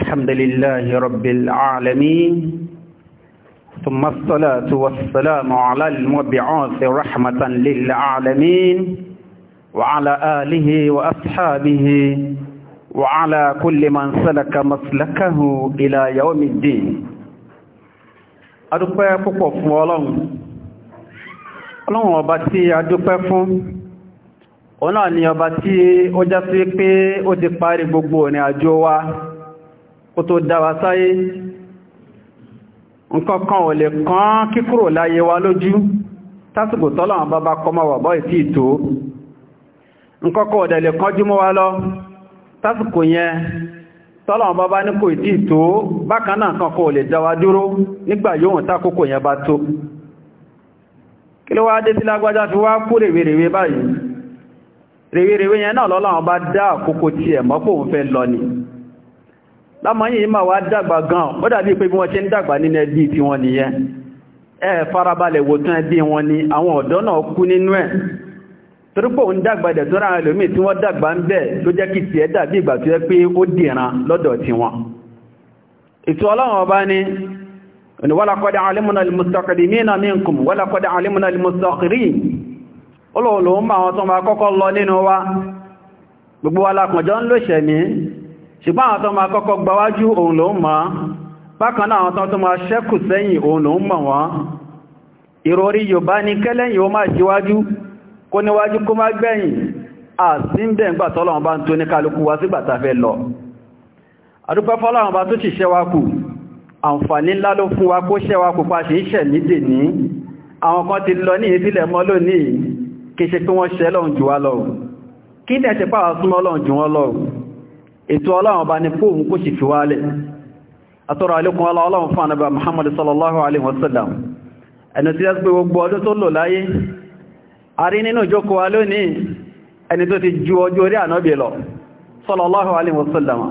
الحمد لله رب العالمين ثم الصلاة والسلام على المبعوث رحمة للعالمين وعلى آله وأصحابه وعلى كل من سلك مسلكه إلى يوم الدين adúpẹ́ púpọ̀ fún ọlọ́run ọlọ́run ọba tí a dúpẹ́ fún ọ̀nà ni ọba tí ó já sí pé ó ti parí gbogbo ìrìn àjò wa kó tó dáwà sáyé nǹkankan ò lè kán kíkúrò láyé wa lójú tásìkò tọ́lọ̀wọ̀n bá bá kọmọ wà bọ́ ìtì ìtò nǹkankan ò dẹ̀ lè kánjú mọ́ wa lọ tásìkò yẹn tọ́lọ̀wọ̀n bá bá ní kò ìtì ìtò bákan náà nǹkankan ò lè dáwà dúró nígbà yóò tákòkò yẹn bá tó kí yẹn náà lọ́lọ́wọ̀n bá dá àkókò tiẹ̀ mọ́pò òun fẹ́ lọ ni lámọ́yìn yìí máa wá dàgbà gan ó dàbí pé bí wọ́n ṣe ń dàgbà nínú ẹbí tí wọ́n nìyẹn ẹ farabalẹ̀ wòtán ẹbí wọn ni àwọn ọ̀dọ́ náà kú nínú ẹ̀ torípò ń dàgbà dẹ̀ tó ráwọn ẹlòmíì tí wọ́n dàgbà ń bẹ̀ ló jẹ́ kí tiẹ̀ dàbí ìgbà tó àwọn tó wa gbogbo alákùnjọ́ ń lòṣẹ̀mí ṣùgbọ́n àwọn tó máa kọ́kọ́ gbáwájú òun ló ń mọ̀ bákan náà àwọn tó tó máa ṣẹ́kù sẹ́yìn òun ló ń mọ̀ wọ́n ìròrí Yorùbá ní kẹ́lẹ́yìn ó máa jíwájú kó níwájú kó má gbẹ̀yìn àsíńbẹ̀ ńgbà tọ́lọ́run bá ń tó ní kálukú wá sígbà tá fẹ́ lọ àdúpẹ́ fọ́lọ́run pa ṣe ń ṣẹ̀ ètò ọlọ́run bá ní fóòmù kó sì fi wálẹ̀ àtọ́rọ̀ alékún ọlọ́run fún ànàbà muhammadu sallallahu alaihi wasallam ẹni tí a gbé gbogbo ọdún tó lò láyé a rí nínú ìjókòó wa lónìí ẹni tó ti ju ọjọ́ orí ànábì lọ sallallahu alaihi wasallam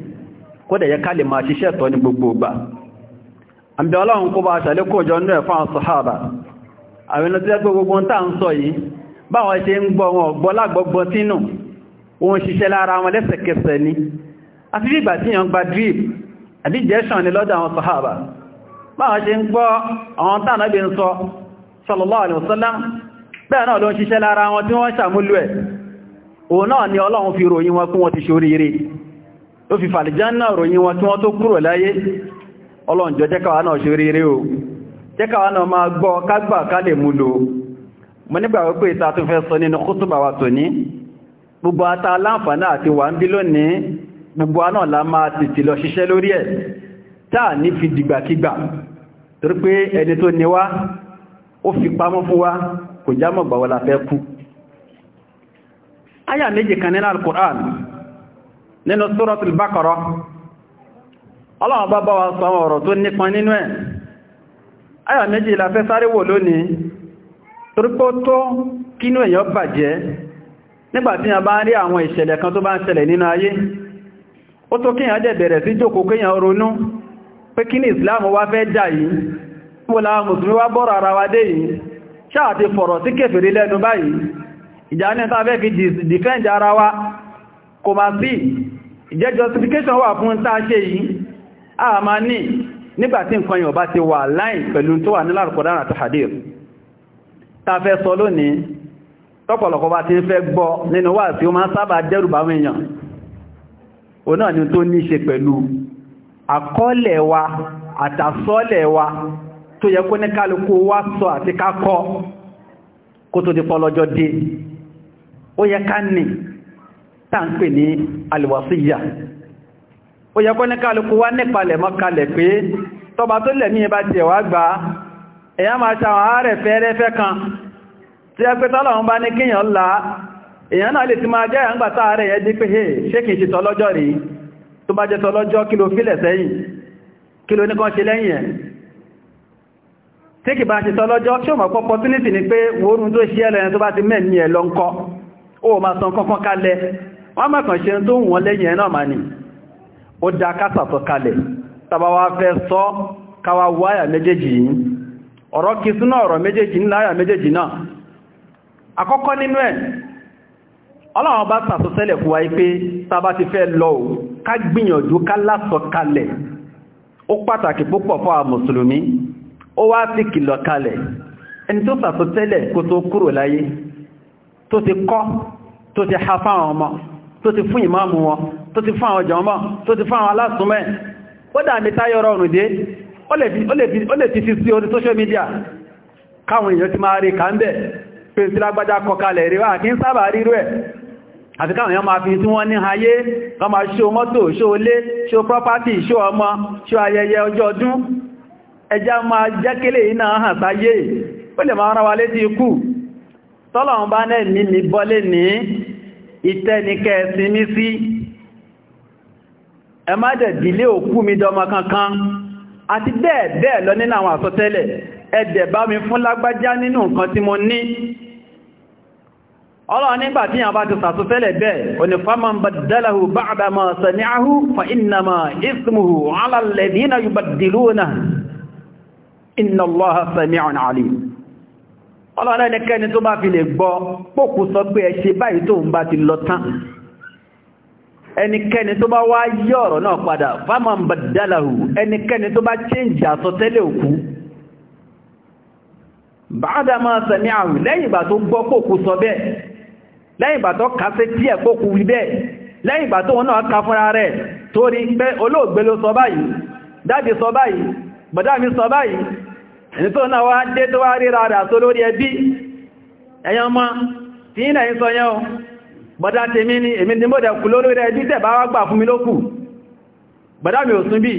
kódẹ̀ yẹ ká lè máa ṣiṣẹ́ tọ́ ní gbogbo ọgbà àbí ọlọ́run kó bá ṣàlékòjọ ní ẹ̀fà sọ̀hábà àwọn ẹni tó jẹ́ pé gbogbo ń tàà ń sọ yìí báwọn ṣe ń gbọ́ wọn sallallahu alaihi wasallam bẹ́ẹ̀ náà ló ń ṣiṣẹ́ lára wọn tí wọ́n ṣàmúlò ẹ̀ ló fi fàlìjánà ròyìn wọn tí wọ́n tó kúrò láyé ọlọ́njọ́ jẹ́kàwà náà ṣe rere o jẹ́kàwà náà máa gbọ́ kágbà ká lè mú lò mo nígbà wípé ìta tún fẹ́ sọ nínú kútùbà wa tòní gbogbo ata aláǹfààní àti wà ń bí lónìí gbogbo náà la ní quran nínú Suratul Baqara ọlọ́wọ́ wa sọ ọ̀rọ̀ tó nípa nínú ẹ̀ ayọ̀ méjì fẹ́ sáré wò lónìí torípò tó kínú èèyàn bàjẹ́ nígbàtí a bá rí àwọn ìṣẹ̀lẹ̀ kan tó bá ń ṣẹlẹ̀ nínú ayé ó tó kíyàn jẹ́ bẹ̀rẹ̀ sí jókòó kíyàn ronú pé kí ní wá fẹ́ jà yìí mùsùlùmí wá bọ́rọ̀ ara wa dé yìí ṣáà ti fọ̀rọ̀ sí kèfèrí lẹ́nu báyìí ìjà ní fi dìfẹ́ǹdì ara wa kò máa sí ìjẹ́ justification wà fún tàà ṣe yìí a máa ní nígbàtí nǹkan yìí ọba ti wà láì pẹ̀lú tó wà nílà al àti hadith ta fẹ́ sọ lónìí tọ́pọ̀lọpọ̀ bá ti ń fẹ́ gbọ́ nínú wà tí ó máa sábà dẹ́rù ni tó ní ṣe pẹ̀lú àkọọ́lẹ̀ wa àtàsọ́lẹ̀ wa tó yẹ kó ní kálukú wá sọ àti kákọ́ kó tó di pọ́lọ́jọ́ dé ó yẹ ká nìí tàà ń pè ní alìwàsíyà ó yẹ kó ní kálukú wá nípalẹ̀ mọ́ kalẹ̀ pé tọba tó lẹ̀mí ẹbá ti ẹ̀wà gbà ẹ̀yà máa ṣàwọn ààrẹ fẹ́ẹ́rẹ́fẹ́ kan tí ẹ pé tọ́lọ̀un bá ní kíyàn ńlá èyàn náà lè ti máa jẹ́ àǹgbà táàrẹ yẹn dí pé hey ṣé kìí ṣe tọ́lọ́jọ́ rí ẹ̀ ẹ̀ wọ́n mọ̀kàn ṣe tó ń wọ́n lẹ́yìn ẹ̀nà ma ní ó dá kásà tó kalẹ̀ tàbá fẹ́ sọ káwà wáyà méjèèjì yìí ọ̀rọ̀ kí súnà ọ̀rọ̀ méjèèjì ńlá àyà méjèèjì náà akọ́kọ́ nínú ẹ̀ ọlọ́run bá tó ti kọ́ tó ti ha fáwọn ọmọ tó ti fún ìmáàmù wọn tó ti fún àwọn jọmọ́ tó ti fún àwọn alásùnmẹ́ kódà ní táyọ̀ rọrùn dé ó lè ti fi sí orí social media káwọn èèyàn ti máa rí kàńbẹ̀ pé sí lágbájá kọkalẹ̀ rí wá kí ń sábà rírú ẹ̀ àti káwọn èèyàn máa fi tí wọ́n ma ọmọ ayẹyẹ ìtẹ́nikẹ́ sinmi sí ẹ má dẹ̀ dílé òkú mi dọmọ kankan àti bẹ́ẹ̀ bẹ́ẹ̀ lọ nínú àwọn àsọtẹ́lẹ̀ ẹ̀dẹ̀ bá mi fún lágbájá nínú nǹkan tí mo ní ọlọ́run nígbà tí yàn bá ti sàtúfẹ́lẹ̀ bẹ́ẹ̀ òní faman inna allaha sami'un 'alim ọlọ́run ẹnikẹ́ni tó bá fi lè gbọ́ pòkù sọ pé ẹ ṣe báyìí tó ń bá ti lọ tán ẹnikẹ́ni tó bá wá yí ọ̀rọ̀ náà padà fáwọn bàdálàhù ẹnikẹ́ni tó bá chéǹjì àsọtẹ́lẹ̀ òkú bàádámà sẹ̀mí àrù lẹ́yìn ìgbà tó gbọ́ pòkù sọ bẹ́ẹ̀ lẹ́yìn ìgbà tó kásẹ̀ tí sọ báyìí tó náà wá dé tó wá ríra rẹ̀ àtó lórí ẹbí ẹ̀yàn mọ́ tí ìnà ìsọ yẹn o bọ́dá tèmi ni èmi ni mọ́dẹ̀ kú lórí rẹ̀ ẹbí tẹ̀bá wá gbà fún mi lókù bọ́dá mi ò sún bí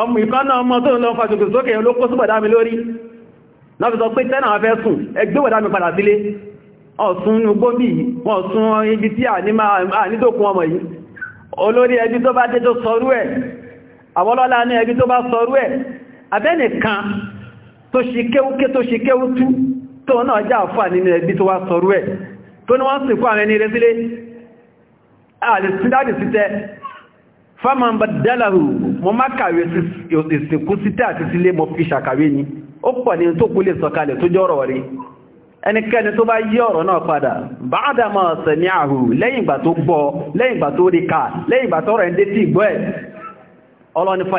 ọmọ ìkan náà mọ́ tó ń lọ fàṣùkù sókè ló kó sí bọ́dá mi lórí lọ́fi sọ pé tẹ́nà afẹ́ sùn ẹgbẹ́ bọ́dá mi padà sílé ọ̀sùn gbóbì wọ́n sún ibi tí à nídòkun ọmọ yìí olórí ẹbí tó bá dé ní ẹbí tó bá sọrú ẹ̀ abẹ́nìkan tó ṣe kéwúké tó ṣe kéwútú tó náà já àfà nínú ẹbí tó wá sọrú ẹ̀ tó ní wọ́n sì fún àwọn ẹni rẹ́sílé àdìsídáàdì sítẹ́ fámàbàdálàrù mọ́ má kàwé ìsìnkú sítẹ́ àti sílé mọ́ fi ṣàkàwé ni ó pọ̀ ní tó bá yí ọ̀rọ̀ náà padà ba'dama sami'ahu lẹ́yìn ìgbà tó gbọ́ lẹ́yìn ìgbà tó rí ká lẹ́yìn ìgbà tọ́rọ̀ ẹ̀ ọlọ́nifọ̀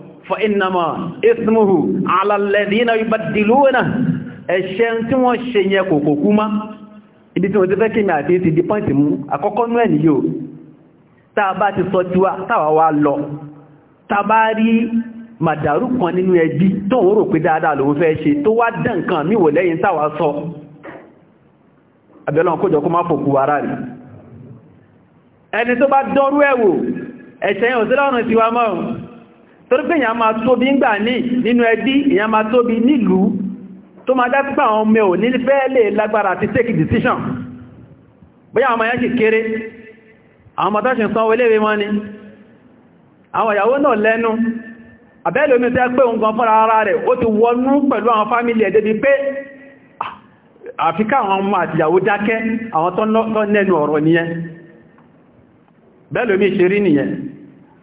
فإنما اسمه على الذين يبدلونه ẹ̀ṣẹ̀ tí wọ́n ṣe yẹn kò kò kú má ibi tí wọ́n ti fẹ́ kí mi àti ti di pọ́ǹtì mú àkọ́kọ́ ní ẹ̀nì yóò táa bá ti sọ tíwá táwà wá lọ táa bá rí màdàrú kan nínú ẹbí tó ń rò pé dáadáa lòun fẹ́ ṣe tó wá dẹ̀ nǹkan míwò lẹ́yìn táwà sọ abẹ́lọ́n kójọ kó má fòkú ara rẹ̀ ẹni tó bá dọ́rú ẹ̀wò ẹ̀ṣẹ̀ yẹn ò sí lọ́rùn tiwa torí pé èyàn máa tóbi ń gbà ní nínú ẹbí èyàn máa tóbi nílùú tó máa dápípà àwọn ọmọ ò ní fẹ́ lè lágbára àti take decision bóyá àwọn ọmọ kéré àwọn mọ̀tọ́ṣin san owó léwé wọn ni àwọn ìyàwó náà lẹ́nu àbẹ́lẹ̀ omi tẹ́ pé oúngan fọ́nà ara rẹ̀ ó ti wọnú pẹ̀lú àwọn fámílì ẹ̀dẹ́ pé àfikà àwọn ọmọ àtìyàwó dákẹ́ àwọn tọ́ ọ̀rọ̀ nìyẹn bẹ́lẹ̀ omi ṣe rí nìyẹn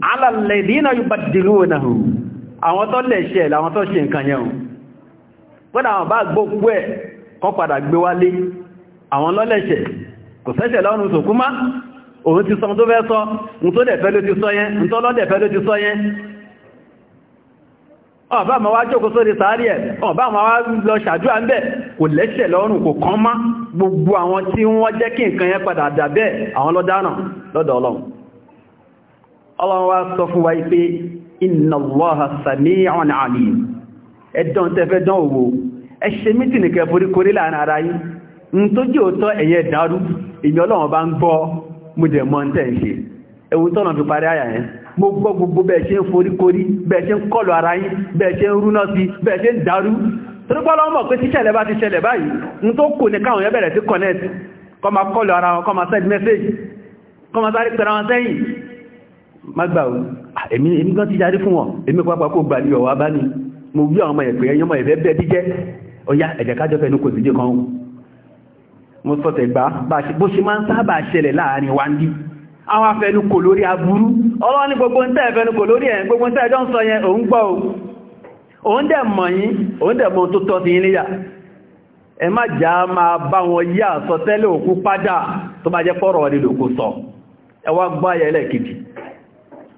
alàlẹ̀dínà yóò bá dìlú náà àwọn tó lẹ̀ṣẹ̀ àwọn tó ṣe nǹkan yẹn wọ́n àwọn bá gbogbo ẹ̀ kọ́ padà gbé wálé àwọn lọ́lẹ̀ṣẹ̀ kò sẹ́ṣẹ̀ lọ́rùn sòkú má òun ti sọ tó fẹ́ sọ ohun tó dẹ̀fẹ́ ló ti sọ yẹn ohun tó lọ́dẹ̀fẹ́ ló ti sọ yẹn ọ̀bá ma wá lọ́dọ̀ Ọlọ́run ọlọ́run wá sọ fún wa pé inna Allaha sami'un 'alim ẹ̀dọ́n tẹ́fẹ́ dán owó ẹṣẹ́ mítì nìkẹ́ foríkorí láàrin ara yìí ń tó jí òótọ́ ẹ̀yẹ dárú ìyọ́ ọlọ́run bá ń gbọ́ mú dẹ̀ mọ́ tẹ́ ń ṣe ewu tọ́nà fi parí àyà yẹn mo gbọ́ gbogbo bẹ́ẹ̀ ṣe ń foríkorí bẹ́ẹ̀ ṣe ń kọlù ara yìí bẹ́ẹ̀ ṣe ń pé tíṣẹ̀lẹ̀ bá ti ṣẹlẹ̀ báyìí ń tó kò ní káwọn yẹn bẹ̀rẹ̀ sí connect kọ́ ma kọlù ara wọn kọ́ ma send message kọ́ ma sáré pẹ̀rẹ̀ wọn sẹ́yìn má gbà ó ah, èmi gan ti yarí fún wọn èmi pápá kó gbà ní ọ̀wá bá ní mo wí àwọn ọmọ ẹ̀pẹ̀ ẹ̀yọ́ ọmọ ẹ̀fẹ́ bẹ́ẹ̀ díjẹ́ ọya ẹ̀jẹ̀ kájọ́ fẹ́ ní kò sí jẹ́ kan mo sọ̀tẹ̀ gbá bó ṣe máa ń sábà ṣẹlẹ̀ láàrin wa ní àwọn afẹnukò lórí aburú ọlọ́wọ́ ní gbogbo ń tẹ́ ẹ̀fẹnukò lórí ẹ̀ gbogbo ń tẹ́ ẹjọ́ ń sọ yẹn òun gbọ́ ẹwà gbáyẹ̀ lẹ́kìdì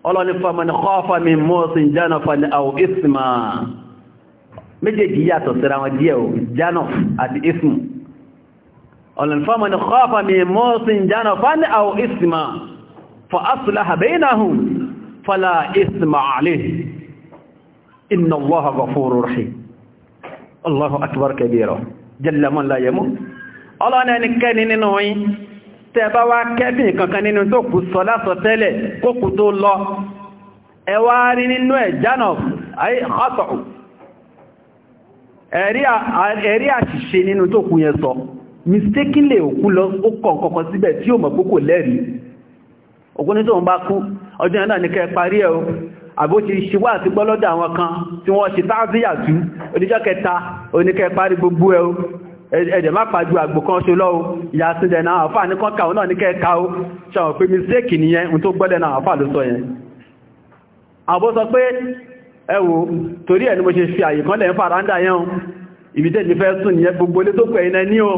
ọlọ́ni faman khafa min mọ́sìn janafan aw isma méjèèjì yàtọ̀ síra wọn díẹ̀ o janaf àti ismu ọlọ́ni faman khafa min mọ́sìn janafan aw isma fa aslaha bainahum fala isma alayhi inna allaha ghafurur rahim allahu akbar kabira jalla man la tẹ́ẹ̀bá wá kẹ́bìn kankan nínú tó kù sọ lásọ tẹ́lẹ̀ kó kù tó lọ ẹwà rí nínú ẹ̀ jánà ayé ọ̀tọ̀ ẹ̀rí àṣìṣe nínú tó kù yẹn sọ mistakenly òkú lọ ó kọ̀ kọ̀kọ̀ síbẹ̀ tí ó mọ̀ pé kò lẹ́rìí òkú ní tó ń bá ti gbogbo ẹ̀dẹ̀ má pàjú àgbò kan ṣe lọ́wọ́ ìyá sílẹ̀ náà àfà ní kọ́kà náà ní kẹ́ẹ̀ká ó ṣàwọn pé mistake nìyẹn tó gbọ́lẹ̀ náà àfà ló sọ yẹn àbó sọ pé ẹwò torí ẹ̀ ni mo ṣe fi àyè kan lẹ́yìn fàrándà yẹn ibi tẹ́ ti fẹ́ sùn nìyẹn gbogbo ilé tó pẹ̀yìn ní o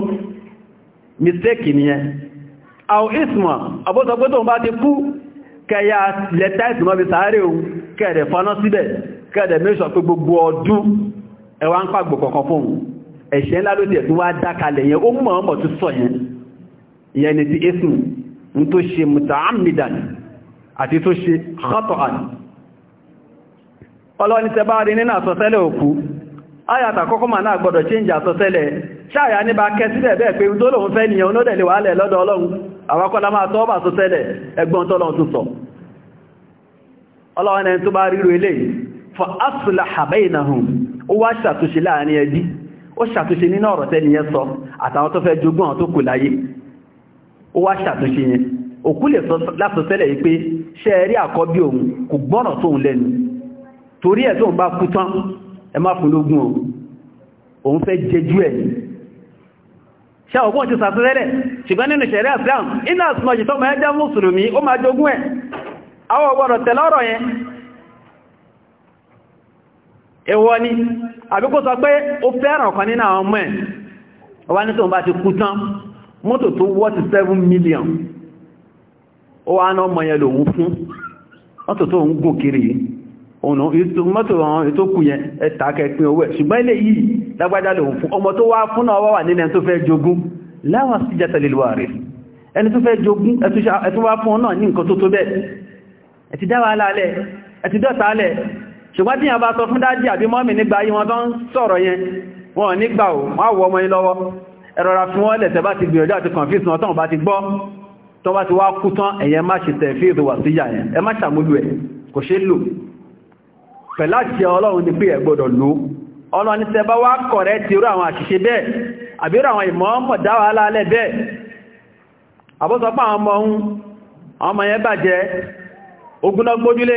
mistake nìyẹn àwọn isma àbó sọ pé tóun bá ti kú kẹya lẹ́tà ìsìnmọ́ fi sáré o kẹ́ẹ̀dẹ̀ faná síbẹ̀ kẹ́ẹ̀dẹ̀ mẹ́ṣọ́ pé gbogbo ọdún ẹwà ń pàgbò kọ̀ọ̀kan fóun ẹ̀ṣẹ̀ ńlá ló tẹ̀ tó wá dákalẹ̀ yẹn ó mọ̀ ọmọ tó sọ yẹn ìyẹn ni ti ismu ń tó ṣe muta'ammidan àti tó ṣe khata'an ọlọ́ni tẹ bá òkú ayàtà kọ́kọ́ ma náà gbọdọ̀ change àsọtẹ́lẹ̀ ṣáàyà ní bá kẹ́ ẹni tó bá ó wá ṣàtúnṣe láàrin ẹbí ó ṣàtúnṣe nínú ọ̀rọ̀ tẹ́ni yẹn sọ àtàwọn tó fẹ́ jogún àwọn tó kù láyé ó wá ṣàtúnṣe yẹn òkú lè sọ lásọtẹ́lẹ̀ yìí pé ṣe rí àkọ́bí òun kò gbọ́rọ̀ tóun lẹ́nu torí ẹ̀ tóun bá kú tán ẹ má fún lógún òun òun fẹ́ jẹjú ẹ̀ ṣe ọgbọ́n ti sàtúnlẹ́rẹ̀ ṣùgbọ́n nínú ṣẹ̀rẹ́ Islam iná àsìmọ̀jì tó máa jẹ́ mùsùlùmí ó máa jogún ẹ̀ àwọn ọgbọ́rọ̀ tẹ̀lọ́rọ̀ yẹn ẹwọ́ ní àbí kó sọ pé ó fẹ́ràn kan nínú àwọn ọmọ ẹ̀ wá ní tóun bá ti kú tán mọ́tò tó wọ́ ti 7 million ó wá ná ọmọ yẹn lòun fún mọ́tò tó ń gùn kiri ọ̀nà mọ́tò àwọn ètò kù yẹn ẹ̀ta kẹpin owó ẹ̀ ṣùgbọ́n ilé yìí lágbájá lòun fún ọmọ tó wá fún náà wà nílẹ̀ tó fẹ́ jogún láwọn sí jẹ́tẹ̀lélúwà ẹni tó fẹ́ ṣùgbọ́n tí yàn bá sọ fún dájí àbí mọ́mì nígbà yí wọn tó ń sọ̀rọ̀ yẹn wọn nígbà ò wọ́n àwọ ọmọ yín lọ́wọ́ ẹ̀rọra fún wọ́n lẹ̀tẹ̀ bá ti gbìyànjú àti confuse wọn tán bá ti gbọ́ tó bá ti wá kú tán ẹ̀yẹ má ṣe tẹ̀ fí ìdòwà àwọn ọmọ ohun ọmọ yẹn bàjẹ́ ogunlọ́gbójúlé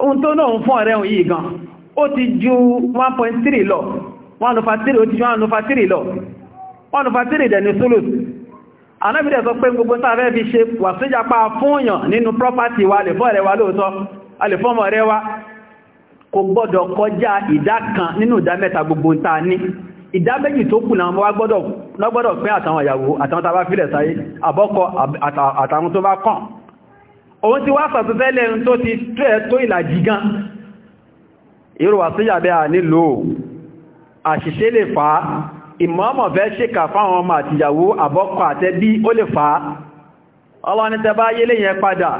ohun tó náà ń fún ọ̀rẹ́ òun yìí gan ó ti ju 1.3 lọ 1.3 ó ti ju 1.3 lọ 1.3 dẹ̀ni solus anábìdẹ̀ sọ pé gbogbo sáfẹ́ fi ṣe wà fúnyàn nínú property wa lè fún ọ̀rẹ́ wa lóòótọ́ a lè fún ọmọ ọ̀rẹ́ wa kò gbọ́dọ̀ kọjá ìdá kan nínú ìdá mẹ́ta gbogbo ń ta ní ìdá méjì tó kù náà wá gbọ́dọ̀ pín àtàwọn ìyàwó àtàwọn tàbá fílẹ̀ sáyé àbọ́kọ àtàwọn tó bá kàn òun ti wá sàtútẹ́lẹ̀ ń tó ti tẹ́ tó ìlàjì gan irú wà sí yàbẹ́ à nílò àṣìṣe lè fà á ìmọ́mọ̀ fẹ́ ṣíkà fáwọn ọmọ àtìyàwó àbọ́kọ̀ àtẹ́ ó lè fà á ọlọ́ni tẹ bá yẹn padà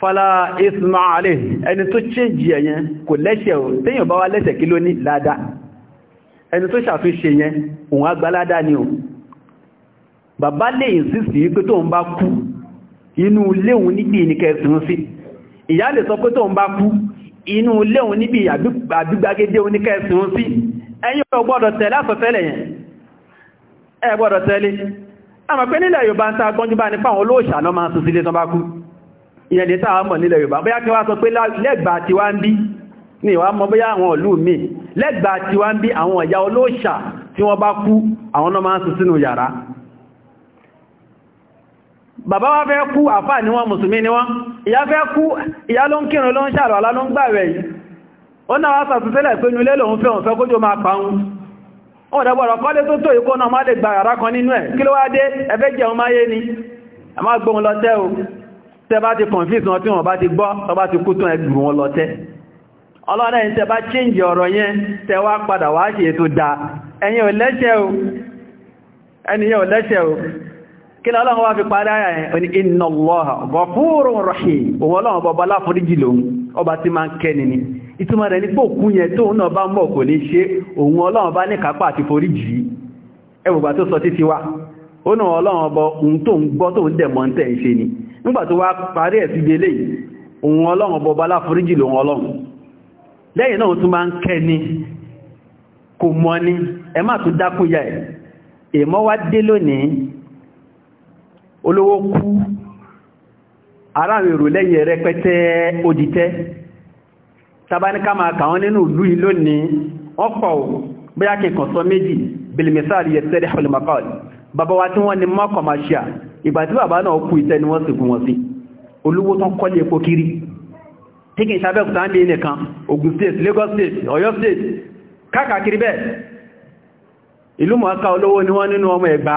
fala isma alayh ẹni tó change ẹ̀yẹn kò lẹ́ṣẹ̀ ò téyàn bá wá lẹ́ṣẹ̀ kí ló ní ládá inú léhun níbi ní kẹsùn sí ìyá lè sọ pé tó ń bá kú inú léhun níbi àgbígbàgédé ní kẹsùn sí ẹ̀yin ò gbọ́dọ̀ tẹ̀lé àsọtẹ́lẹ̀ yẹn ẹ gbọ́dọ̀ tẹ̀lé àmọ́ pé nílẹ̀ Yorùbá ń ta gbọ́njú bá ní fáwọn olóòṣà náà máa sùn sílé tán bá kú ìyẹn lè tàà mọ̀ nílẹ̀ Yorùbá bóyá kí wá sọ bàbá wa fẹ́ kú àfà ní wọn mùsùlùmí ni wọ́n ìyá fẹ́ kú ìyá ló ń kírun ló ń ṣàrọ̀ alá ló ń gbààwẹ̀ yìí ó náà wá sàtúnṣẹ́lẹ̀ pé nulé lòun fẹ́ òun fẹ́ kójò máa pa òun ó dẹ̀gbọ̀rọ̀ kọ́lé tó tó ìkó náà má lè gba yàrá kan nínú ẹ̀ kí ló wá change ọ̀rọ̀ yẹn tẹ́ wá padà wá ṣe ètò dáa ẹ̀yin o kí ni ọlọ́run wá fi parí àyà ẹ̀ oní inna Allaha ghafurun rahim òun ọlọ́run bọ̀bọ̀ aláforíjì lòun ọba tí máa ń kẹ́ni ni ìtumọ̀ rẹ̀ ní pòkú yẹn tó náà bá mọ̀ kò ní ṣe òun ọlọ́run bá ní kápá àti foríjì ẹwùgbà tó sọ títí wá ó náà ọlọ́run ọbọ̀ òun ni nígbà tó wá parí ẹ̀ sí gbélé òun ọlọ́run bọ̀bọ̀ aláforíjì lòun ọlọ́run lẹ́yìn náà tún máa ń kẹ́ni èmọ́ wá dé lónìí olówó kú aráàrin èrò lẹ́yìn rẹpẹtẹ òdìtẹ́ tàbáníká máa kà wọ́n nínú ìlú yìí lónìí wọ́n pọ̀ bóyá kí n kàn sọ méjì bilimisari yẹ sẹ́rẹ̀ ni wọ́n sì gún wọn sí olówó tán kọ́lé epo kiri tí kì í ṣàbẹ́kùtà ń bí nìkan Ògùn state Lagos state ìlú mọ̀ọ́ká olówó ni wọ́n nínú ọmọ Ẹ̀gbá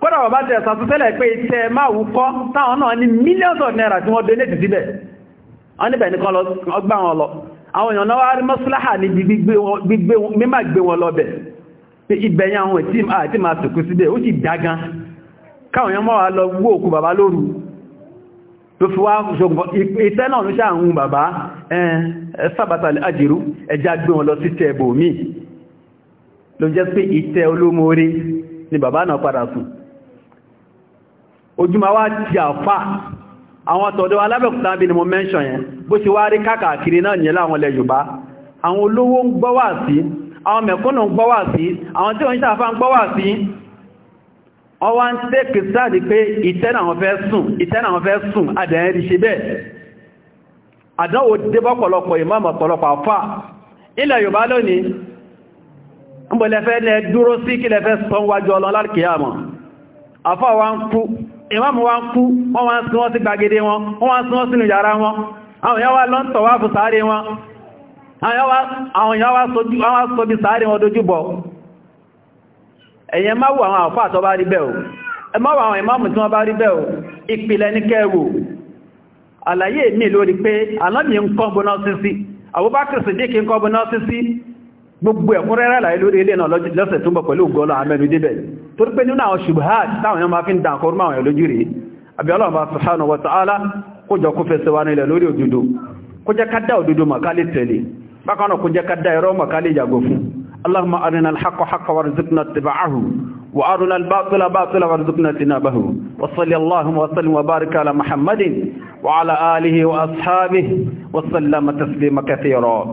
kódà bàbá tẹ̀ sọ tẹ́lẹ̀ pé iṣẹ́ máa wù kọ́ táwọn náà ní millions of naira tí wọ́n donate síbẹ̀ wọ́n níbẹ̀ nìkan lọ gbà wọn lọ àwọn èèyàn náà wá rí mọ́síláhà ní gbígbé mímà gbé wọn lọ bẹ̀ pé ibẹ̀yàn àwọn tí àti máa sùkú síbẹ̀ ó sì dágan káwọn èèyàn máa lọ gbó òkú bàbá lóru ló fi wá ṣogbọ́n iṣẹ́ náà ló ṣàrùn bàbá sábàtà àjírú jẹ́ pé ìtẹ́ olómoore ni bàbá náà padà sùn ojúmọ̀ wá ti àfà àwọn tọ̀dọ̀ alábẹ̀kúta bí ni mo mẹ́ṣọ̀ yẹn bó ṣe wá rí káàkiri náà nílá àwọn ilẹ̀ Yorùbá àwọn olówó ń gbọ́ wà sí àwọn mẹ̀kúnnù ń gbọ́ wà sí àwọn tí wọ́n ń ṣàfà ń gbọ́ wà sí ọwá ń tẹ́ kìsáàdì pé ìtẹ́nà àwọn fẹ́ sùn ìtẹ́nà àwọn fẹ́ ń kú ìmáàmù wa ń kú wọ́n wá ń sún wọ́n sí gbàgede wọn wọ́n wá ń sún wọ́n sínú yàrá wọn àwọn èèyàn wá lọ ń tọ̀wá fún sáré wọn àwọn èèyàn wá sọ bí sáré wọn dojúbọ̀ ẹ̀yẹn má wò àwọn àfáà tó bá rí bẹ́ẹ̀ o ẹ má wò àwọn ìmáàmù tí wọ́n bá rí bẹ́ẹ̀ o ìpìlẹ̀ ní kẹwò gbogbo ẹ̀kúnrẹ́rẹ́ àlàyé lórí ilé náà lọ́sẹ̀ tó ń bọ̀ pẹ̀lú ògọ́lọ àmẹ́nu débẹ̀ torí pé nínú àwọn ṣubhat táwọn èèyàn máa fi ń dàn kọrùmọ́ àwọn ẹ̀lójú rí àbí Ọlọ́run